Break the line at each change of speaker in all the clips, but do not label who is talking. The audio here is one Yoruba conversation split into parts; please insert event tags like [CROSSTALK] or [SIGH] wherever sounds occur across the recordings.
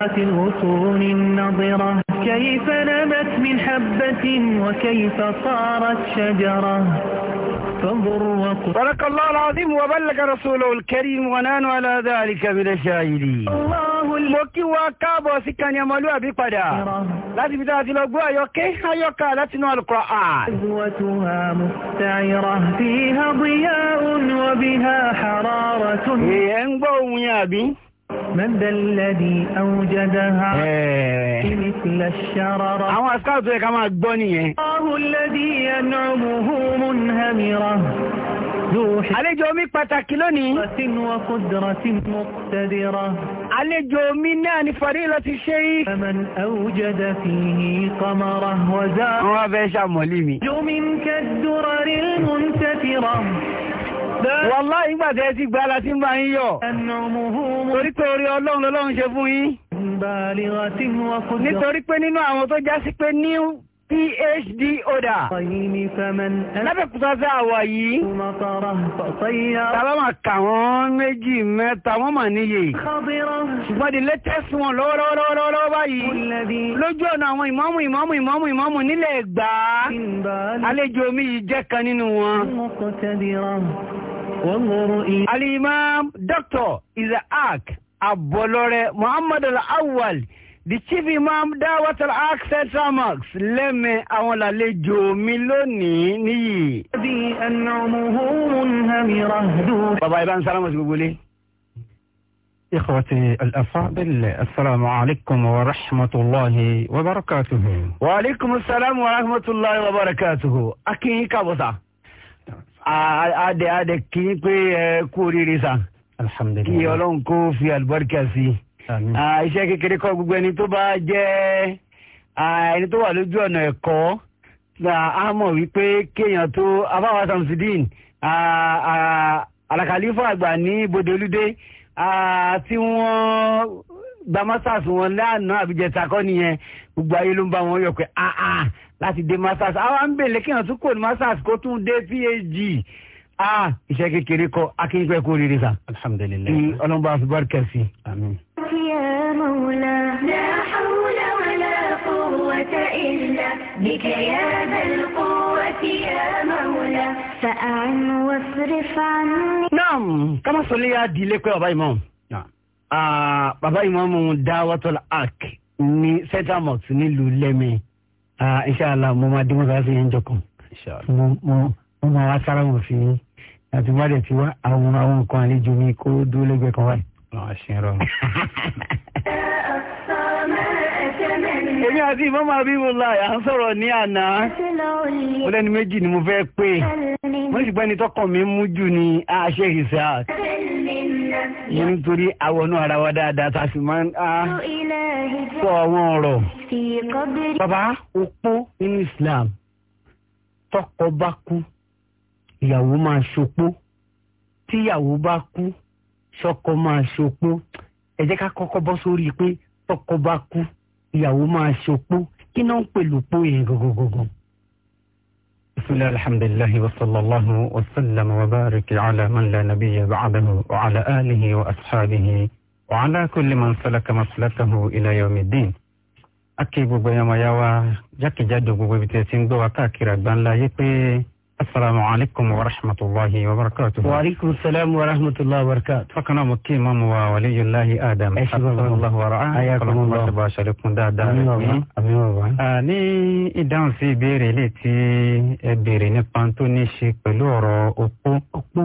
في الغصون النضرة كيف نبت من حبة وكيف صارت شجرة فانظر وقل صدق الله العظيم وبلغ رسوله الكريم ونان على ذلك من
الشاهدين الله kí wa káàbọ̀ sí kan لازم ọmọlúwàbí padà láti fi dára ti lo مستعرة فيها ضياء وبها حرارة. èèyàn إيه، انبو ميابي من ذا الذي اوجدها إيه. في مثل الشرر اوه اسكاتو يا كمان الله
الذي ينعمه منهمرة علي جومي
باتاكيلوني وقدرة مقتدرة علي جومي ناني فريلة الشيخ فمن اوجد فيه قمرة وزار وابيش اموليمي
جومي كالدرر المنتفرة
Wàlá ìgbàtẹ́ ẹ ti gbà láti ń bá yín yọ̀. Torí pé orí ọlọ́run lọ́lọ́run ṣe fún yín. Nítorí pé nínú àwọn tó já sí pé ní PhD order. Lábẹ́kúsọ́sẹ́ àwọ̀ yìí. Tàbá máa kà wọ́n méjì mẹ́ta wọ́n mà níye. Ṣùgbọ́n the latest one lọ́wọ́lọ́wọ́lọ́wọ́ báyìí. Lójú ọ̀nà àwọn ìmáàmù ìmáàmù ìmáàmù ìmáàmù nílẹ̀ Ẹ̀gbá. Àlejò mi yìí jẹ́ kan nínú wọn. Alimam Dr. Isaac Abolore Muhammad Al-Awwal. the chief imam al access amox lẹ́mẹ̀ àwọn àlejò mi lónìí níyì. bí ẹnàmùhùn hàmìrà dùn. bàbá ibà ń sára إخوتي الأفاضل السلام عليكم ورحمة الله وبركاته وعليكم السلام ورحمة الله وبركاته أكيد كابوسا أدي أدي كي كوري ريسا الحمد لله كي يولون كوفي البركة سي iṣẹ́ kékeré kọ́ gbogbo ẹni tó bá jẹ́ ẹni tó wà lójú ọ̀nà ẹ̀kọ́ a mọ̀ wípé kéèyàn tó abáwa samsudeen alakalifa àgbà ní ibodè olúdé tí wọ́n gba masters wọn lánàá àbíjẹta kọ́ nìyẹn gbogbo ayé ló ń bá wọn yọ̀ pé ah, ah, láti dé masters àwa ń bèèrè kéèyàn tún kò ní masters kó tún dé phd Ah, iṣẹ́ kékeré kọ́ akínyìn pẹ́ kó rere sa. alhamdulilayi ọlọ́mọba àfi bọ́ọ̀kẹ́ sí. àmín.
بك يا ذا القوة يا مولا فأعن واصرف عني
نعم كما صلي دي لك يا باي مام bàbá ìmọ̀mù dáwọ́tọ́lá ark ní central mosque nílùú lẹ́mí inṣàlá mo máa dín mọ́sáàsì yẹn jọ kan mo máa wá sára wọn sí àti wọ́n dẹ̀ ti wá àwọn àwọn nǹkan àlejò mi kó dúró lẹ́gbẹ̀ẹ́ kan wáyé èmi àti ìmọ̀mọ́ abíwọlá à ń sọ̀rọ̀ ní àná mo lẹ́ni méjì ni mo fẹ́ pé mo sì gbẹ́ni tọkàn mi mú jù ní àṣẹ ìṣáàt yẹn nítorí àwọn náà ara wa dáadáa tá a sì máa sọ àwọn ọ̀rọ̀ bàbá opó nínú Islam
tọkọ bá kú ìyàwó máa ṣopó tíyàwó bá kú ṣọkọ máa ṣopó ẹ jẹ́ ká kọ́kọ́ bọ́ sórí pé tọkọ bá kú ìyàwó máa ṣopó kí náà ń pèlú pó yẹn gògògògò.
bisimilahi alhamdulilahi wa sallallahu wa sallam wa bariki ala man la nabiyya ba'dahu wa ala alihi wa ashabihi wa ala kulli man salaka maslakahu ila yawmi din. a kì í gbogbo ẹ̀yàn máa yá wa jákèjádò gbogbo ibi tí ẹ ti ń gbọ́ wa káàkiri àgbáńlá yé pé. السلام عليكم ورحمة الله وبركاته وعليكم السلام ورحمة الله وبركاته فكنا مكي وولي الله آدم حفظه الله ورعاه حياكم الله تبا شريكم دا دا ní ìdáhùn sí ìbéèrè ilé tí ẹ béèrè nípa tó ní ṣe pẹ̀lú ọ̀rọ̀ opó. opó.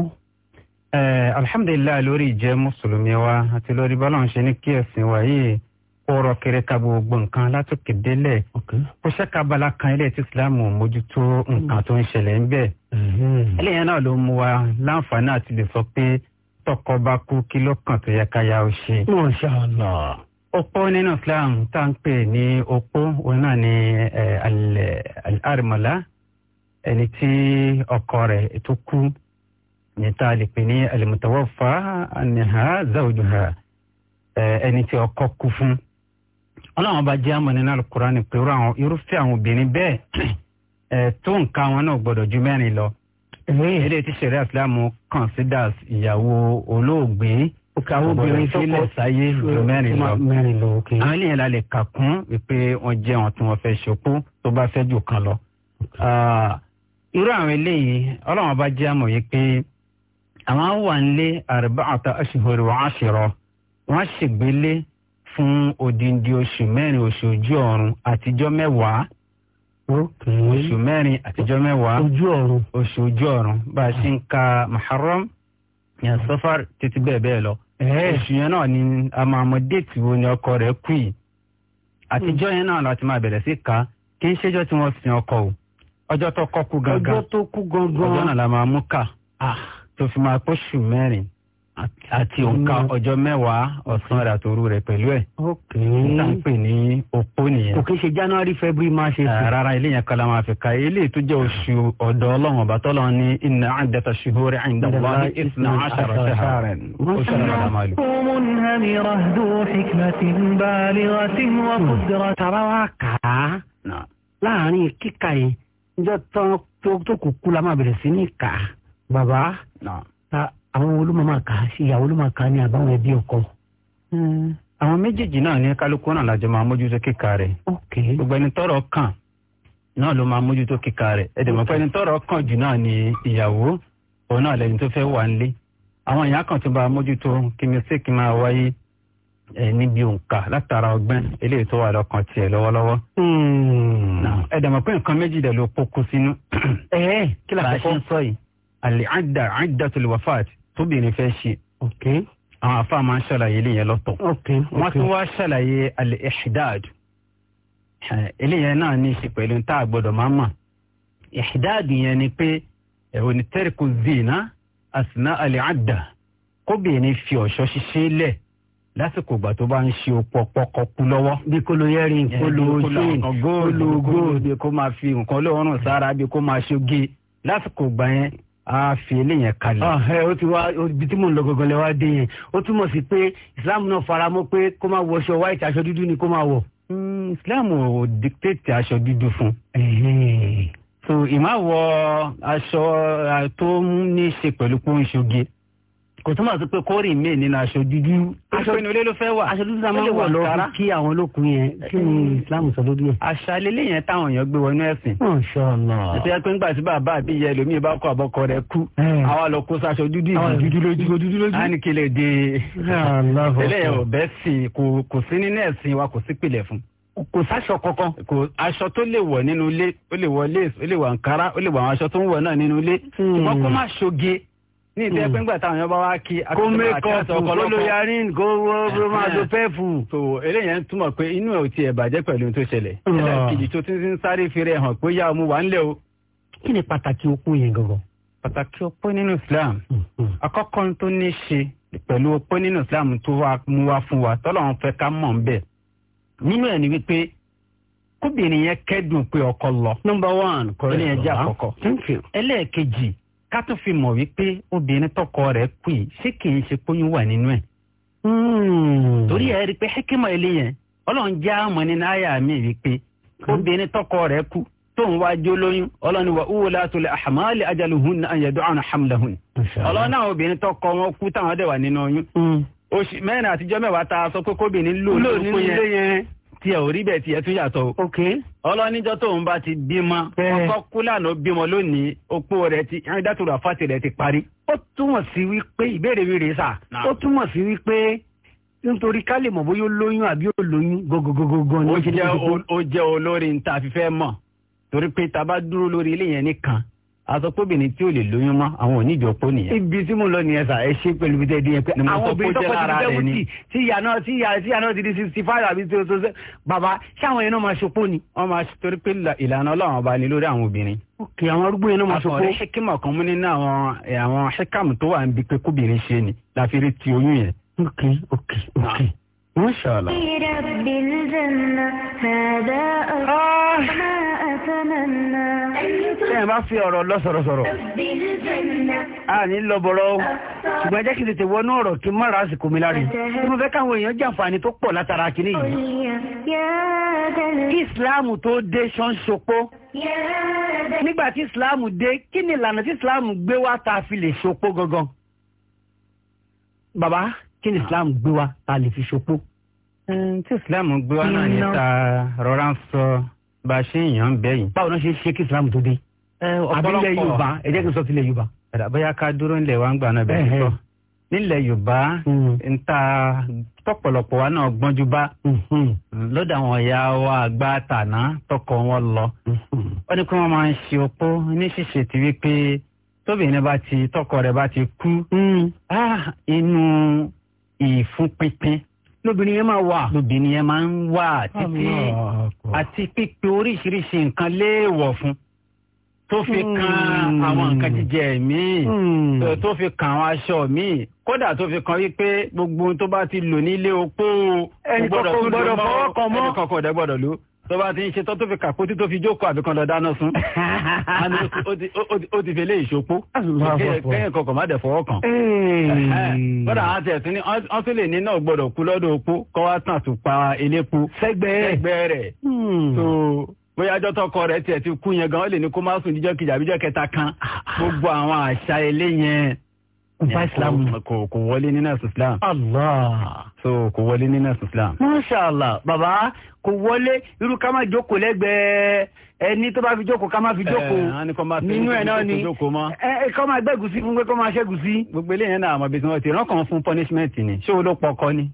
alhamdulilayi lórí ìjẹ́ mùsùlùmí wa àti lórí ọ̀rọ̀ kẹrẹ ka gbogbo nǹkan látòkè délẹ̀ kò ṣẹ́kabala kan ilé tí ìsìlámù mójútó nǹkan tó ń ṣẹlẹ̀ ń bẹ̀. Mhm. eléyìí náà ló mú wa láǹfààní àti lè sọ pé tọkọ bá kú kí ló kàn tó yẹ káyà ó ṣe. mọ̀ṣálà. opó nínú islam tá ń pè ní opó òun náà ni al-armala ẹni tí ọkọ rẹ̀ tó kú ní tá a lè pè ní al-mutawaffa anha ẹni tí ọkọ kú fún ọlọ́run bá jẹ́ àmọ́ nínú alukurani pé irúfẹ́ àwọn obìnrin bẹ́ẹ̀ [CLEARS THROAT] tó nǹkan wọn náà gbọ́dọ̀ ju mẹ́rin lọ. ilé tí sẹ̀rẹ́ àsìlámù considers ìyàwó olóògbé obìnrin sílẹ̀ sáyé ju mẹ́rin lọ. àwọn ènìyàn la lè kà kún pé wọ́n jẹ́ wọn tí wọ́n fẹ́ ṣokú tó bá fẹ́ jù kan lọ. irú àwọn eléyìí ọlọ́run bá jẹ́ àmọ́ yìí pé àwọn wà ń lé arba'ata ashhur wa ashira wọ́n ṣègbélé fún odindi oṣù mẹ́rin oṣù ojú ọ̀run àtijọ́ mẹ́wàá oṣù mẹ́rin àtijọ́ mẹ́wàá oṣù ojú ọ̀run bá a ṣe ń ka muharram yẹn sọfar títí bẹ́ẹ̀ bẹ́ẹ̀ lọ oṣù yẹn náà ni a máa mọ déètì wo ni ọkọ rẹ̀ kú yìí àtijọ́ yẹn náà láti máa bẹ̀rẹ̀ sí ka kí n ṣéjọ́ tí wọ́n sin ọkọ o ọjọ́ tó kọ́ kú gangan ọjọ́ tó kú gangan ọjọ́ náà la máa mú kà ah. tó fi máa pọ́ṣù mẹ́rin àti òǹkà mm. ọjọ́ mẹ́wàá ọ̀sán rẹ̀ àtòru rẹ̀ pẹ̀lú ẹ̀. ok nígbà ń pè ní opó nìyẹn. kò kí n ṣe january february march april. rárá ilé yẹn kala máa fi ka eléyìí tó jẹ́ oṣù ọ̀dọ̀ ọlọ́run ọba tọ́lọ́ ní inna iddata shuhuri inda Allahi ithna ashara shahran.
oṣù rẹ̀ máa lò. Hmm.
tàbá wa kà á láàrin kíkà yìí njọ́ tó kúkú la máa bẹ̀rẹ̀ sí ní kà á. bàbá àwọn olómọ máa kà á sí ìyàwó ló máa kà á ní àbáwọn ẹbí ọkọ. Hmm. àwọn méjèèjì náà ní kálukú náà lájọ máa mójútó kíkà rẹ̀ gbogbo ẹni tọ́rọ̀ kàn náà ló máa mójútó kíkà rẹ̀ ẹdẹmọ pé ẹni tọ́rọ̀ kàn jù náà ní ìyàwó òun náà lẹni tó fẹ́ wà ń lé àwọn èèyàn kan ti bá mójútó kí máa wáyé níbi òǹkà látara ọgbọ́n eléyìí tó wà lọ́kàn tiẹ̀ lọ́wọ́lọ́wọ́. Hmm. ẹ nǹkan méjì dẹ̀ ló pokùn sínú. ẹ eh, kí la àlè àdà àdà tó lè wà fáàtì tóbìnrin fẹ́ ṣe. àwọn afa máa ń ṣàlàyé eléyẹn lọ́tọ̀. wọ́n tún wá ṣàlàyé al-ihdad. Eh, eléyẹn náà ní í ṣe pẹ̀lú tá a gbọ́dọ̀ máa mọ̀. ihdad yẹn ni pé ẹ̀wọ̀n eh, ni tẹ́ríkù zina asina al-adda kóbìnrin fi ọ̀ṣọ́ ṣiṣẹ́ lẹ̀ lásìkò ìgbà tó bá ń ṣe opó pọkọ kú lọ́wọ́. bí kolo yẹrin kolo chain kolo gold bí kò máa fi nǹkan olóòórùn sára bí kò máa ṣoge lásìkò ìgbà yẹn a fi eléyẹn kalẹ̀. ọ̀hẹ́ ah, o ti wá ibi tí mò ń lọ gọ́gọ́ lẹ wá dé yẹn ó túmọ̀ sí pé islam náà faramọ́ pé kó máa wọ aṣọ white aṣọ dúdú ni kó máa wọ. Hmm, islam ò dictate aṣọ dúdú fún. so ìmáwọ aṣọ tó ní í ṣe pẹ̀lú pé kò túmọ̀ sí pé kórì mi nínú aṣọ dúdú. aṣọ inú ilé ló fẹ́ wà. aṣọ dúdú sábà wà lọ kí àwọn olókùn yẹn kí ni eh, islam sọ lórí ẹ. àṣà lélẹ̀ yẹn táwọn èèyàn gbé wọnú ẹ̀sìn. ọ̀ṣọ́nà. ètò yẹn pé ńgbà tí bàbá àbí ìyá ẹlòmíì bá kó àbọ̀kọ rẹ̀ kú. Eh. àwa lọ kó saṣọ dúdú yìí. àwọn dúdú lójú kò dúdú lójú. a ní kí lè dé. ẹlẹ́yìn ọ̀bẹ sìn kò sí nínú ẹ̀sìn wa kò sí pìlẹ̀ fún kò sáṣọ kankan. kò aṣọ tó lè wọ̀ nínú ilé ó lè wọ̀ lace ó lè wọ̀ ankara ó lè wọ̀ àwọn aṣọ tó ń wọ̀ náà nínú ilé. Hmm. ṣùgbọ́n kó má ṣoge ní ìfẹ́ pé ńgbà táwọn yọba wá kí akẹ́kọ̀ọ́ àti àti ọ̀pọ̀lọpọ̀ kó yarin kó wọ́n uh, máa tó pẹ́ẹ̀fù. tó eléyẹn ń túmọ̀ pé inú ẹ̀ ò tiẹ̀ bàjẹ́ pẹ̀lú ohun tó ṣẹlẹ̀. Ah. ẹ̀dá kejì tó ti ń sáré fèrè hàn pé yá ọmọ wa ń lẹ̀ o. kí ni pàtàkì opó yẹn gangan. pàtàkì opó nínú Islam hmm, hmm. àkọ́kọ́ tó ní ṣe pẹ̀lú opó nínú Islam tó wá mú wá fún wa tọ́lọ́run fẹ́ ká mọ̀ bẹ́ẹ̀ nínú ẹ̀ ni number one kọrin yẹn thank you. ẹlẹ́ẹ̀kejì ká tó fi mọ̀ wípé obìnrin tọkọ rẹ̀ kù yìí ṣé kì í ṣe pọ́yún wà nínú ẹ̀. Hmm. torí ẹ rí i pé hekima eléyẹn ọlọ́run já mọ̀ nínú àyà mi wípé obìnrin tọkọ rẹ̀ kù tóun wá jó lóyún ọlọ́run wà úwo látòlè àhàmálẹ̀ ajaluhunna an yad'ana hamlahun. ọlọ́run náà obìnrin tọkọ wọn kú táwọn dẹ̀ wà nínú oyún. Hmm. oṣù mẹ́rin àtijọ́ mẹ́wàá ta sọ pé kóbìnrin lò lóko yẹn tiẹ̀ ò rí bẹ́ẹ̀ tiẹ̀ tún yàtọ̀ o. ok. ọlọ́nijọ́ tóun bá ti bímọ. bẹ́ẹ̀ ọkọ kúlànà bímọ lónìí opó rẹ̀ ti ẹ̀ńdàtúrà fàtì rẹ̀ ti parí. ó túmọ̀ sí wípé ìbéèrè mi rèé sà. ó túmọ̀ sí wípé nítorí ká lè mọ̀ bóyá ó lóyún àbí ó lóyún gògògògògò ni. ó jẹ́ olórí ntàfífẹ́ mọ̀ torí pé tá a bá dúró lórí ilé yẹn nìkan asopobìnrin tí ò lè lóyún mọ́ àwọn oníjọ nìyẹn. ibi tí mo lọ nìyẹn sà ẹ ṣe pẹ̀lú bí tẹdí yẹn pé àwọn obìnrin tó kọjú seventy tí ìyá náà tí ìyá tí ìyá náà ti di sixty five àbí tí o tó ṣe bàbá ṣé àwọn yẹn náà máa ṣopó ni. wọn máa ṣe torí pé ìlànà Ọlọ́run ọba ni lórí àwọn obìnrin. ok àwọn arúgbó yẹn náà máa ṣopó. àkọọ̀rẹ́ ṣẹ́kímọ̀ kan mú nínú àwọn àwọn ṣẹ́kàmù tó wà ń pé kóbìnrin ṣe ni láfi rí tẹ́yìn bá fi ọ̀rọ̀ lọ sọ̀rọ̀sọ̀rọ̀ a ní lọ́bọ̀rọ̀ ṣùgbọ́n jẹ́ kí tètè wọnú ọ̀rọ̀ kí mọ́ra àsìkò mi láre tí mo fẹ́ káwọn èèyàn jàǹfààní tó pọ̀ látara kìíní yìí kí ìsìláàmù tó dé ṣọ́nṣopó nígbà tí ìsìláàmù dé kí ni ìlànà tí ìsìláàmù gbé wá tá fi lè ṣopó gangan bàbá kí ni ìsìláàmù gbé wá tá lè fi ṣopó. tí ìsìláàmù gbé wá náà ní ta rọra ń sọ bá a ṣe ń yàn bẹ́yìn. báwo ló ṣe ṣe kí ìsìláàmù tó dé
abilẹ̀ eh, yorùbá ẹ jẹ́ kí n
sọ tilẹ̀ yorùbá. bóyá ká dúró ńlẹ̀ wa ń gbà náà bẹ́ẹ̀ sọ nílẹ̀ yorùbá ń hmm. ta tọ̀pọ̀lọpọ̀ wa náà gbọ́njú bá hmm. lọ́dọ̀ àwọn ìyá wa àgbà tàná tọkọ wọn lọ. Hmm. wọ́n ní kí wọ́n máa ń ṣe opó ní ṣíṣe ti wípé tóbìnrin bá ti tọkọ rẹ̀ bá ti kú ah, inú ìfúnpinpin lóbìnrin yẹn máa wà. lóbìnrin yẹn máa ń wà títí àti pípe oríṣiríṣi nǹkan léèwọ̀ fún tó fi kan àwọn nǹkan hmm. jíjẹ míì hmm. tó fi kan àwọn aṣọ míì kódà tó fi kan wípé gbogbo ohun tó bá ti lò nílé opó gbọ́dọ̀ tún lò mọ́ ẹnìkan kò dẹ̀ gbọ́dọ̀ lò tó bá ti ń ṣe tó tó fi kàpótí tó fi jókòó àbí kan lọ dáná sun [LAUGHS] ó ti fi lé ìṣopó kẹ́yìn kọkàn má dẹ̀ fọwọ́ kàn. kódà àwọn àti ẹ̀sìn ni wọ́n tún lè ní náà gbọ́dọ̀ kú lọ́dọ̀ opó kọ́ wá tàn tún pa elépo sẹ́gbẹ́ rẹ̀. Hmm bóyá ọjọ́ tọkọ rẹ̀ tiẹ̀ ti kú yẹn gan ó lè ní kó má sùn jíjọ́ kejì àbíjọ́ kẹta kan gbogbo àwọn àṣà ilé yẹn kò wọlé nínú ẹ̀sùn islam. allah. so kò wọlé nínú ẹ̀sùn islam. mashallah baba kò wọlé irú ká má jókòó lẹ́gbẹ̀ẹ́ ẹni tó bá fi jókòó ká má fi jókòó eh, nínú ẹ̀ náà ni kọ́ eh, eh, máa gbẹ́ gùsí fún pé kọ́ máa ṣẹ́ gùsí. gbogbo eléyìí náà àmọ́ bíi tí wọ́n ti rán kàn fún punishment ni ṣé o ló pọkọ ni.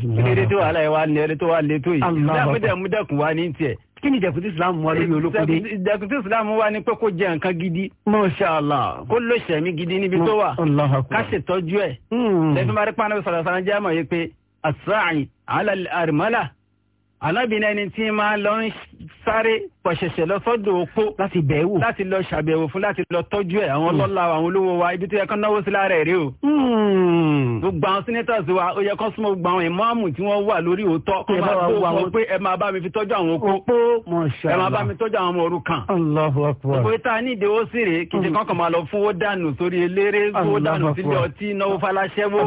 kílódé tó wàhálà ẹ wá lé tó wà lé tó yìí. ìlú àmúdẹ̀múdẹ̀kùn wa ní tiẹ̀ kí ni ìdẹ̀kùtì islam wà lórí olókùdé. ìdẹ̀kùtì islam wà ní pé kó jẹ nǹkan gidi. masha allah. kó ló ṣẹ̀mí gidi níbi tó wà. ká ṣètọ́jú ẹ̀. lẹ́fí hmm. máa rí pàánù sọ̀rọ̀ sọ̀rọ̀ jẹ́ àmọ̀ yìí anábìnrin ẹni tí máa lọ ń sáré pọ̀ṣẹ̀ṣẹ̀ lọ sọ́dọ̀ opó láti bẹ̀wò láti lọ ṣàbẹ̀wò fún láti lọ tọ́jú ẹ̀ àwọn hmm. ọlọ́lá àwọn olówó wa ibi tó yẹ kán náwó sí lára ẹ̀ o.
Hmm.
gbogbo àwọn senators wa ó yẹ kán súnmọ́ gbogbo àwọn ìmáàmù tí wọ́n wà lórí òótọ́ kó máa tó wọ pé ẹ máa bá mi fi tọ́jú àwọn opó ẹ máa bá mi tọ́jú àwọn ọmọ òrukàn. òpè tá a ní ìdíwó sí rè kì í ṣe hmm. kán kàn máa lọ fún ó dànù sórí eléré ó dànù ọtí náwó faláṣẹ́wó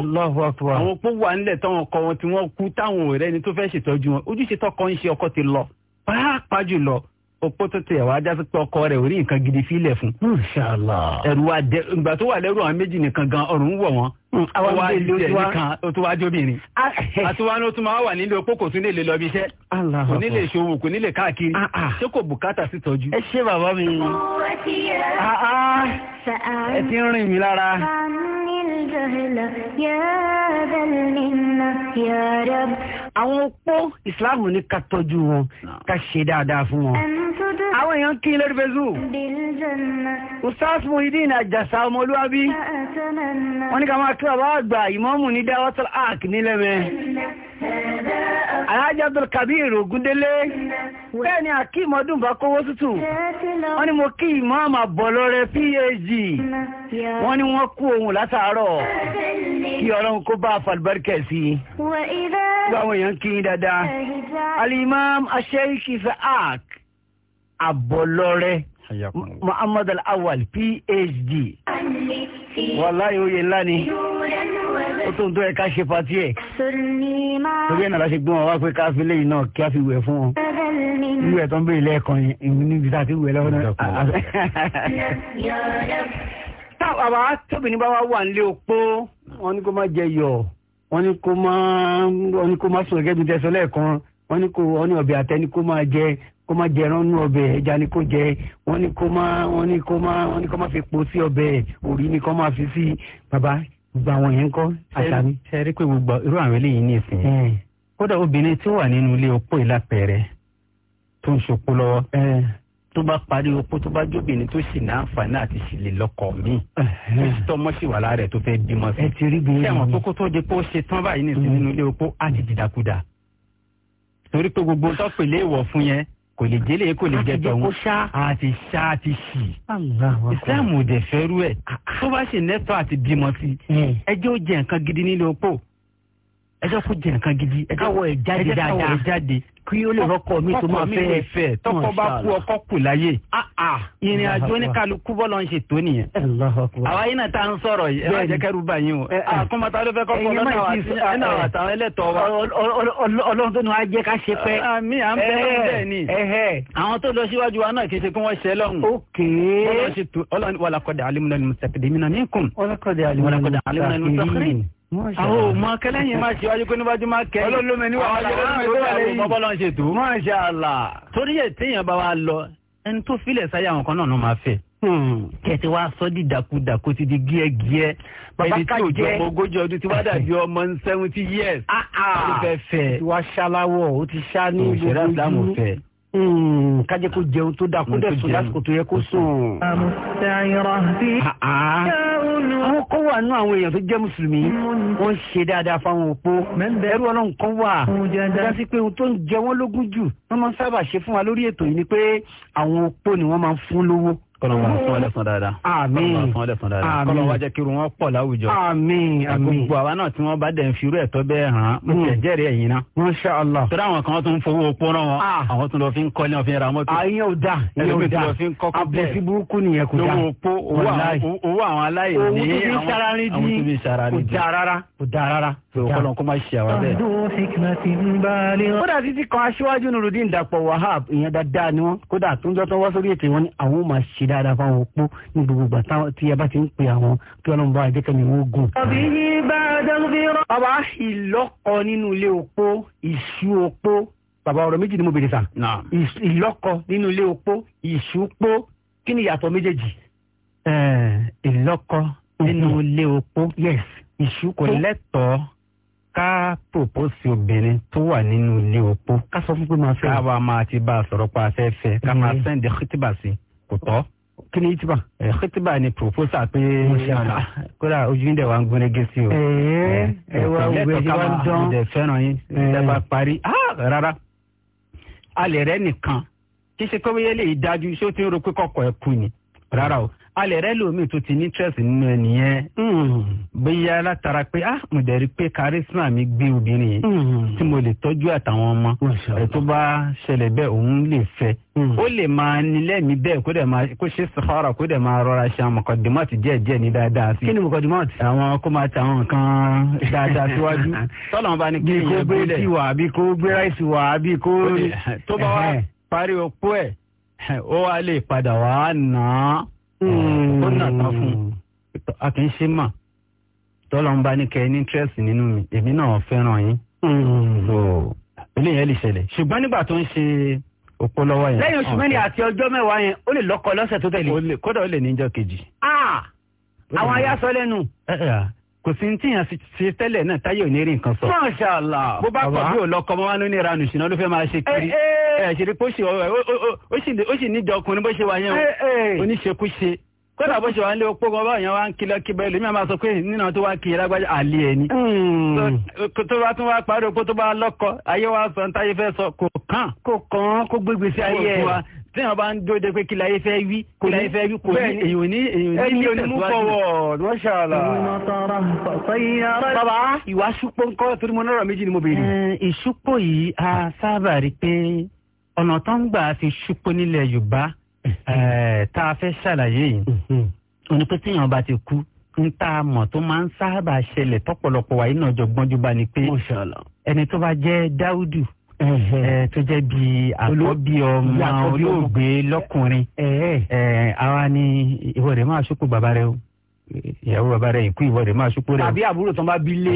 àwọn opó wà nílẹ̀ táwọn ọkọ wọn tí wọ́n kú táwọn ọ̀rẹ́ ni tó fẹ́ ṣètọ́jú wọn ojúṣe t tọkọ ń ṣe ọkọ ti lọ pàápàá jùlọ opó tó tẹ̀ wá jásí pé ọkọ rẹ̀ ò nǹkan gidi fílẹ̀ fún. Inshallah. wa dẹ ìgbà tó wà lẹ́rù àwọn méjì nìkan gan ọ̀rùn wọ̀ wọ́n. Hmm, àwọn wa ilé ojú wa kan o tó wá jóbìnrin. Ah, eh. àti wa ni o tún máa wà nílé opó kò tún lè lè lọ ibi iṣẹ́. kò ní lè ṣòwò kò ní lè káàkiri. Ah, ah. ṣé kò bùkátà sí tọ́jú. ẹ ṣe bàbá mi.
ẹ ti ń rìn mí lára àwọn opó Islam ní
ká tọ́jú wọn ká ṣe dáadáa fún wọn.
àwọn èèyàn kí lórí facebook.
ustaz muhyiddin ajasa ọmọlúwàbí.
wọ́n ní ká máa kí bàbá
àgbà ìmọ̀ọ́mù ní dáwọ́tò ark nílẹ̀ mẹ́ alájábìl kabir ògúndélé bẹ́ẹ̀ ni akeem ọdúnbà kówó tútù wọ́n ni mo kí imam àbọ̀lọ́rẹ phd wọ́n ni wọ́n kú ohun látàárọ̀ kí ọlọ́run kó bá falbarkẹ̀ sí
gbáwọn èèyàn kí yín dáadáa alimam asheikh
isaac àbọ̀lọ́rẹ muhammad al-awwal phd wàláyé oyè ńlá ni ó tó ń tó ẹ̀ka ṣe patí ẹ̀
torí ẹ̀ náà láti
gbọ́n wá pé ká fi léyìn náà kí á fi wẹ̀ fún wọn wíwẹ̀ tó ń bèèrè lẹ́ẹ̀kan yẹn níbi tá a ti wẹ̀ lọ́wọ́ náà. [LAUGHS] tá àwa tóbìnrin bá wá wà nílé opó wọn ní kó má jẹ yọ wọn ní kó má sùn gẹ́gẹ́ bí tẹ̀sán lẹ́ẹ̀kan wọ́n ní kó wọ́n ní ọbẹ̀ àtẹ ni kó máa jẹ kó máa jẹ ẹran nú ọbẹ̀ ẹja ni kó jẹ wọ́n ní kó máa wọ́n ní kó máa wọ́n ní kó máa fi po sí ọbẹ̀ òrí ni kó máa fi sí bàbá gbogbo àwọn yẹn ń kọ́ àṣà mi. ṣe rí pé gbogbo irú àwọn eléyìí ní ìsìn kódà obìnrin tí ó wà nínú ilé opó ìlàpẹ̀rẹ̀ tó ń ṣopó lọ́wọ́ tó bá parí opó tó bá jóbìnrin tó sì náà fà náà ti sì lọkọ mi. oṣù tọmọ sì wà lára tó fẹ́ bímọ sí. ẹ ti rí tó kó tó di pé ó ṣe tán báyìí nìsín mm. nínú ilé opó á ti dìdàkudà torí pé gbogbo tó pèlè ìwọ̀ fún yẹn kò lè jẹ́lé kò lè jẹ́ tọ̀hún a ti ṣá a ti ṣì islam ò dẹ̀ fẹ́rú ẹ̀ tó bá ṣe nẹ́tọ̀ àti bímọ sí ẹjọ́ jẹ́ nǹkan gidi nílé opó ẹjọ́ kó jẹ́ nǹkan gidi ẹjọ́ káwọ́ jáde dáadáa kí ó lè rọ́kọ mi tó máa fẹ́ fẹ́ tọkọ bá kú ọkọ kù láyé. Ah, ah. ìrìn àjò ní kálukú bọ́lọ̀ ń ṣe tó nìyẹn. àwa yìí náà tá à ń sọ̀rọ̀ yìí ẹ má jẹ́ kẹ́rù bá yín o. àkọ́mọta ah, ló fẹ́ kọ́kọ́ lọ́nà àtàwọn ẹlẹ́tọ̀ọ́ wa. ọlọ́run tó nu á jẹ́ ká ṣe pẹ́. mi à ń bẹ̀rẹ̀ bẹ́ẹ̀ ni. àwọn tó lọ síwájú wa náà kì í ṣe kí wọ́n ṣe lọ́hùn. ok. wọ́n lọ àwọn òmọ kẹlẹ́yìn máa ṣe wájú pé níwájú máa kẹ́yìn ọlọ́lọ́mọ ẹni wà wájú lọ́wọ́ bọ́bọ́lọ́ ṣe tó. Masha Allah. torí ẹ̀ téèyàn bá wa lọ ẹni tó filẹ̀ sáyà àwọn kan náà ló máa fẹ́ kẹ̀tẹ̀ hmm. wá sọ di dàkudàku ti di gíẹ́gíẹ́ ẹni tí ò jọ ọmọ ogójì ọdún tí wá dàbí ọmọ ń seventy years. Ah, ah. ó fẹ́ fẹ́. wá ṣaláwọ̀ ó ti ṣá ní gbogbo Hmm, kájẹ́ kó jẹun tó dáa kó dẹ̀ sùn lásìkò tó yẹ kó sùn. àwọn kan wà nínú àwọn èèyàn tó jẹ́ mùsùlùmí wọ́n ṣe dáadáa fáwọn òpó ẹrú ọlọ́run kan wà dásí pé ohun tó ń jẹ wọ́n lógún jù wọ́n máa ń sábà ṣe fún wa lórí ètò yìí ni pé àwọn òpó ni wọ́n máa ń fún lówó kọlọ́wọ́ fún ọlẹ́ dáadáa. àmín fún ọlẹ́ dáadáa. àmín kọlọ́wọ́ jẹ́ wọn pọ̀ láwùjọ. gbogbo àwa náà tí wọ́n bá dẹ̀ ń firú ẹ̀tọ́ bẹ́ẹ̀ hàn mo mm. tẹ̀ jẹ́rìí ẹ̀yìn náà. masha Allah. torí àwọn kan tún ń fowó pọ́nrọ́ wọn. Ah. àwọn tún lọ fi ń kọ́lé wọn fi ra mọ́tò. ayé ah, ò da ayé ò da àbòsí burúkú nìyẹn kò da. owó àwọn aláìní pé ọkọlọ́n kó má ṣe àwọn bẹ́ẹ̀. kódà títí kan aṣíwájú nurudin dapò wahab ìyẹn dáadáa ni wọn kódà tó ń jọ tó wá sórí ètò wọn ni àwọn máa ṣe dáadáa fáwọn opó ní gbogbo ìgbà tí ẹ bá ti ń pè àwọn kí ọlọ́run bá ẹjẹ́ kẹ́mi wọ́n gùn. bàbá ìlọ́kọ nínú ilé opó ìṣú opó bàbá ọ̀rọ̀ méjì ni mo bèrè sà. ìlọ́kọ nínú ilé opó ìṣúpó kí ni ìyàtọ̀ méjèèjì. ìlọ́kọ nínú ilé opó ìṣú kò lẹ́tọ̀ọ́ ká pòpósì obìnrin tó wà nínú ilé opó ká sọ fún pé máa fẹ́. káwa máa ti bá a sọ̀rọ̀ pa afẹ́fẹ́ ká máa mm-hmm. sẹ́ndẹ̀ xitiba sí kò tọ́. kí ni xitiba. ẹ xitiba ni proposal pé kódà ojú ń dẹ̀ wá ń gbónégé sí o. ẹ eh, eh, ẹ wá òwe ti wá ń dán. ẹ fẹ́ràn yín ìjọba eh. parí ah, rárá. alẹ́ rẹ nìkan kí ṣe kọ́wéyé lè dájú ṣé o ti ń ro pé kọ́kọ́ ẹ kú ni rárá o alẹ̀ rẹ lómi tó ti ní tírẹ̀sì nínú ẹni yẹn hmm. látara pé ah mo dẹ̀ rí pé kárísímà mi gbé obìnrin yìí hmm. tí mo lè tọ́jú àtàwọn ọmọ ẹ̀ tó bá ṣẹlẹ̀ bẹ́ẹ̀ òun lè fẹ́ hmm. ó lè máa nílẹ̀ mi bẹ́ẹ̀ kó dẹ̀ máa kó ṣe sàkárà kó dẹ̀ máa rọra ṣe àwọn mọ̀kàdìmọ́tì díẹ̀ ní dáadáa sí. kí ni mọ̀kàdìmọ́tì. àwọn kó máa ta àwọn nǹkan dáadáa síwájú. [LAUGHS] tọ́lọ̀ wọn bá ní kí ni kó gbé tí wà bí kó gbé ráìsì wà bí kó. tó bá wá parí opó ẹ̀ ó wá lè padà wá nà Hmm. ó nà tán fún un a kì í ṣe mà tọ́lọ́ ń bá ní kẹ́ ní interest nínú mi èmi náà fẹ́ràn yín hmm. so eléyìí lè ṣẹlẹ̀ ṣùgbọ́n nígbà tó ń ṣe opó lọ́wọ́ yẹn. lẹ́yìn oṣù mẹ́rin àti ọjọ́ mẹ́wàá yẹn ó lè lọ́kọ lọ́sẹ̀ tó tẹ̀lé. kódà ó lè níjọ́ kejì. àwọn aya sọ lẹ́nu eh, eh, kò sí tí yàn ṣe tẹ́lẹ̀ náà táyé ò ní rí nǹkan sọ. Masha Allah. bó bá kọ̀ bí ò lọ kọ́ ní ìranù ṣìnà ló fẹ́ máa ṣe kiri. Eh, ẹ ṣe pé ó sì níjọ ọkùnrin bó ṣe wà yẹn oníṣekúṣe kódà bó ṣe wà nílé opó gan báyọ̀ wá ń kílọ̀ kíbọ̀ ẹlòmíràn máa sọ pé nínú tó wá kí ilágbájá àlè ẹni.
Hmm.
tó bá tún wá parí opó tó bá lọ́kọ ayé wa sọ ntáyé fẹ́ sọ kò kàn. kò kàn kó gbégbé sí ayé ẹ tí wọn bá ń dóde pé kí láyé fẹ́ wí kí láyé fẹ́ wí kò ní èyí ò ní èyí ò ní tẹ̀síwájú.
Masha Allah. bàbá
ìwà ṣùpọ̀ ńkọ́ torí mo náírà méjì ni mo béèrè. ìṣùpọ̀ yìí a sábà rí pé ọ̀nà tó ń gbà fi ṣípò nílẹ̀ yorùbá mm-hmm. eh, tá a fẹ́ ṣàlàyé yìí òní mm-hmm. pé tíyàn bá ti kú ń tá a mọ̀ tó máa ń sábà ṣẹlẹ̀ tọ́pọ̀lọpọ̀ wáyé náà jọ gbọ́njú bá ni pé ẹni tó bá jẹ́ dáúdù eh, tó jẹ́ bí àkọ́bí ọmọ olóògbé lọ́kùnrin eh, àwa ni ìwọ máa ṣókò bàbá rẹ o ìyàwó bàbá rẹ ìkú ìwọ́de máa ṣùkú rẹ. àbí àbúrò tó ń bá bí lé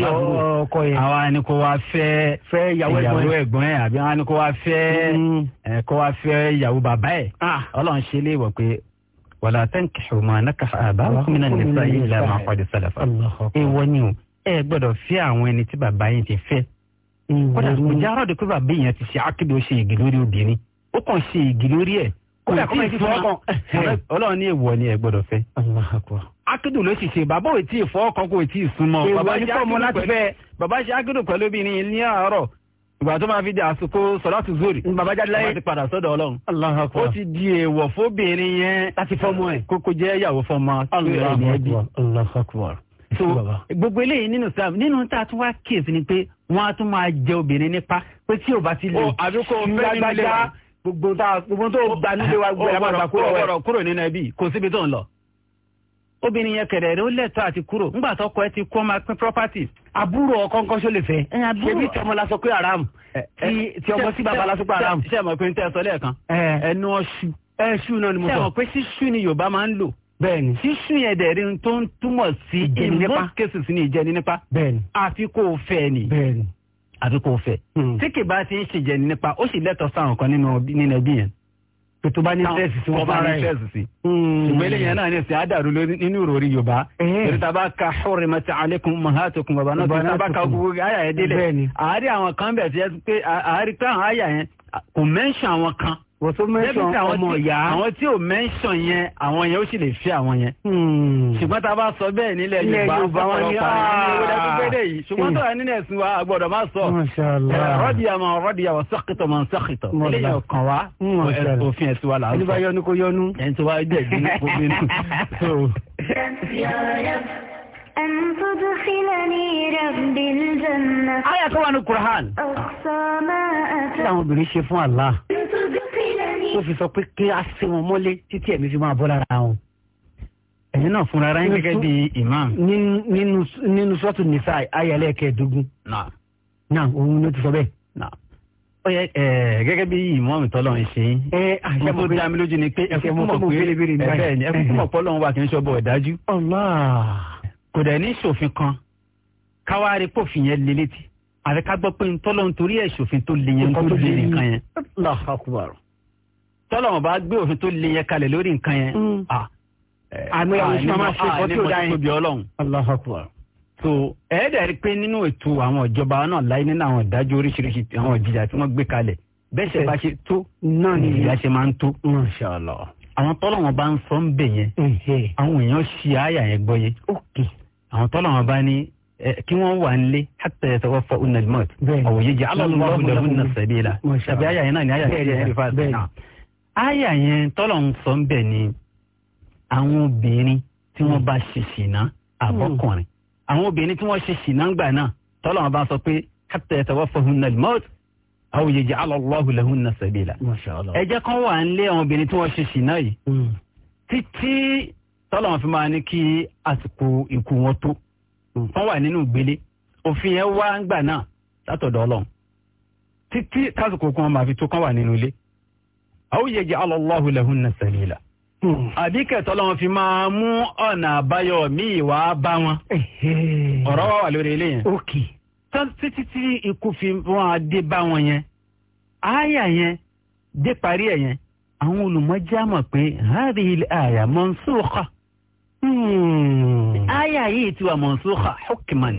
ọkọ yẹn. àwa ni kò wá fẹ́ fẹ́ ìyàwó ẹ̀gbọ́n ẹ̀ àbí àwa ni kò wá fẹ́ mm. kò wá fẹ́ ìyàwó bàbá ẹ̀. ọlọ́run ṣe lé wọ̀ pé wàlá tankihu ma nakaha abawakum minan nisa'i illa ma qad salafa. èèwọ̀ ni o ẹ gbọ́dọ̀ fẹ́ àwọn ẹni tí bàbá yẹn ti fẹ́. kódà kò jẹ́ àròdì pé bàbá yẹn ti ṣe kódà kọ́mọ ìdí fọwọ́ kan ọlọ́run ní èèwọ̀ ni ẹ gbọ́dọ̀ fẹ́. akédù ló sì ṣe bàbá ò tí ì fọwọ́ kan kò tí ì súnmọ́ bàbá ṣe akédù láti fẹ́ pẹ̀lú obìnrin ní àárọ̀ ìgbà tó máa fi di àsìkò sọ̀láàtù zori. bàbá jáde láyé ti padà sọ́dọ̀ ọlọ́run. ó ti di èèwọ̀ fóbìnrin yẹn. láti fọmọ ẹ. kókó jẹ́ ìyàwó fọmọ. Allahu Akbar so gbogbo eléyìí nínú islam nínú tá a tún wá kíyèsí ni pé wọn á tún máa jẹ obìnrin nípa pé tí ò bá ti lè lágbájá gbogbo tó gba nílé wa gbogbo ẹ̀ máa gbà kúrò ẹ̀. kúrò nínú ẹbí kò síbi tó ń lọ. obìnrin yẹn kẹ̀dẹ̀ rẹ̀ ó lẹ́tọ̀ọ́ àti kúrò ńgbà tó kọ ẹ ti kó máa pín property. àbúrò ọkọ ńkọ́ ṣó lè fẹ́. ṣebí tí ọmọ la sọ pé haram. tí ọmọ sí bàbá la sọ pé haram. ṣé ẹ mọ̀ pé n tẹ́ ẹ sọ lẹ́ẹ̀kan. ẹnu ọṣù. ẹ ṣù náà ni mo sọ. ṣé ẹ mọ̀ pé ṣíṣù ni Yorùbá máa ń lò. bẹ́ẹ̀ni. ṣíṣù yẹn dẹ̀ tó ń túmọ̀ sí ìjẹni nípa. in most cases ni ìjẹni nípa. bẹ́ẹ̀ni. àfi fẹ́ ni. bẹ́ẹ̀ni àbí kò fẹ́. Hmm. tí kì bá ti ń ṣèjẹ nípa ó sì lẹ́tọ̀ sáwọn kan nínú ẹbí yẹn pé tó bá ní fẹ́ẹ̀sì sí wọ́n bá ní fẹ́ẹ̀sì sí. Hmm. ṣùgbọ́n eléyìí náà ní ẹ̀sìn àdàrú nínú ìròrí yorùbá. èyí eh. tá a bá ka hurrimat alaykum ummahatukum bàbá náà tó tá a bá ka gbogbo àyà yẹn délẹ̀. àárí àwọn kan bẹ̀ tí ẹ pé àárí táwọn àyà yẹn kò mẹ́ńṣẹ̀ àwọn kan wọ́n tó mẹ́sàn ọmọ ìyá. àwọn tí ò mẹ́sàn yẹn àwọn yẹn ó sì lè fi àwọn yẹn. Hmm. ṣùgbọ́n tá a bá sọ bẹ́ẹ̀ nílẹ̀ yorùbá ọ̀pọ̀lọpọ̀ ah. ìwé yìí ṣùgbọ́n tó wà nínú ẹ̀sìn wa gbọ́dọ̀ máa sọ. rọ́dìyà máa rọ́dìyà wọ́n sọ́kìtọ̀ máa sọ́kìtọ̀. eléyìí ọ̀kan wa hmm, òfin ẹ̀sìn wa là ń sọ. ẹni yọnu kó yọnu. ẹni tó bá jẹ̀bi kó bínú.
[LAUGHS] أن تدخلني ربي الجنة آية كوان
tó fi sọ pé kí a ṣe wọn mọ́lé títí ẹ̀mí fi máa bọ́ lára wọn. ẹ̀yin náà fúnra ara yín gẹ́gẹ́ bí imam. nínú nínú sọ́ọ̀tù nìsa ayẹlẹ́ kẹẹ̀ẹ́dógún. náà òun ló ti sọ bẹ́ẹ̀. ó yẹ gẹ́gẹ́ bí ìmọ̀ọ́mù tọ́lọ̀ ń ṣe. ẹ ẹ mo dá mi lójú ni pé ẹ fún mọ̀ pé ẹ bẹ́ẹ̀ ni ẹ fún mọ̀ pọ́lọ́ wa kì í ṣọ́bọ̀ ìdájú. kò dẹ̀ ní ṣòfin kan káwárí pòfin yẹn lé létí àfi ká gbọ́ pé ntọ́lọ́ nítorí ẹ̀ tó le yẹn tó le nìkan yẹn tọ́lọ̀ wọn bá gbé òfin tó le yẹn kalẹ̀ lórí nǹkan yẹn. Mm. àmì ìṣúná máa ṣe kọ́ tí ó dá yẹn. Allahu Akbar so ẹ̀ẹ́dẹ̀rí pé nínú ètò àwọn ìjọba náà láyé nínú àwọn ìdájọ́ oríṣiríṣi àwọn ìjìyà tí wọ́n gbé kalẹ̀ bẹ́ẹ̀ ṣe bá ṣe tó náà ni ìyà ṣe máa ń tó. Inshallah. àwọn tọ́lọ̀ wọn bá ń sọ ń bẹ̀ yẹn àwọn èèyàn ṣì àyà yẹn gbọ́ yẹn àwọn tọ́lọ̀ wọn bá kí wọ́n wà ń lé hatta yatawaffahunna al-maut aw yaj'ala Allahu lahunna sabila ṣàbí àyà yẹn náà ni àyà yẹn àyà yẹn tọ́lọ̀ ń sọ ń bẹ̀ ni àwọn obìnrin tí wọ́n hmm. bá ṣe ṣìnà àbọ̀kùnrin hmm. àwọn obìnrin tí wọ́n ṣe ṣìnà ńgbà náà tọ́lọ̀ wọn bá sọ pé hatta yatawaffahunna al-maut aw yaj'ala Allahu lahunna sabila. ẹ jẹ́ kán wà ń lé àwọn obìnrin tí wọ́n ṣe ṣìnà yìí hmm. títí tọ́lọ̀ wọn fi máa ní kí àsìkò ikú wọn tó wọ́n wà nínú ìgbélé òfin yẹn wá ńgbà náà látọ̀dọ̀ ọlọ́run títí tásìkò kan máa fi tó kán wà nínú ilé aw yaj'ala Allahu lahunna sabila hmm. àbí kẹtọ́ lọ́wọ́ fi máa mú ọ̀nà àbáyọ míì wá bá wọn. ọ̀rọ̀ wà wà lórí ilé yẹn. ok títí tí ikú fi wọn adé bá wọn yẹn àyà yẹn dé parí ẹ̀ yẹn àwọn olùmọ̀já mọ̀ pé hadhihi àyà mansukha. Hmm. àyà yìí ti wà mansukha hukman.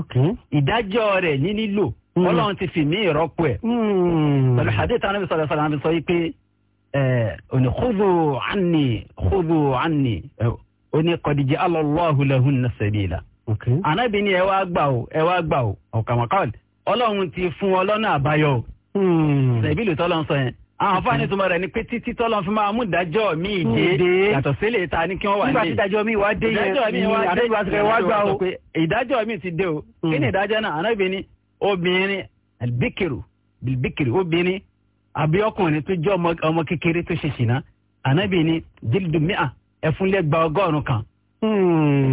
ok ìdájọ́ rẹ̀ ní lílò. Hmm. Ọlọ́run ti fi mí ìrọ́pò ẹ̀. Hmm. pẹ̀lú hadith tí Ànábì sallallahu alaihi wasallam sọ yìí pé òní khudhu anni khudhu anni òní qad ja'ala Allahu lahunna sabila. Ànábì ni ẹ wá gbà o ẹ wá gbà o ọ̀kàmọ̀kàl Ọlọ́run ti fún ọ lọ́nà àbáyọ o. Hmm. sẹ̀bílù tọ́lọ́ sọ yẹn àwọn afáàní tó máa rẹ̀ ni pé títí tọ́lọ́ fi máa mú ìdájọ́ mi dé yàtọ̀ sílẹ̀ ta ni kí wọ́n wà ní. nígbà tí ìdájọ́ mi wá dé yẹn ìdájọ́ mi wá dé yẹn ìdájọ́ mi ti dé o kí ni ìdájọ́ náà Ànábì ni obìnrin albikiru bilbikiri obìnrin àbí ọkùnrin tó jẹ́ ọmọ kékeré tó ṣe ṣìnà ànábì ní jíldu mi'a ẹ̀fúnlẹ́gba ọgọ́rùn-ún kan.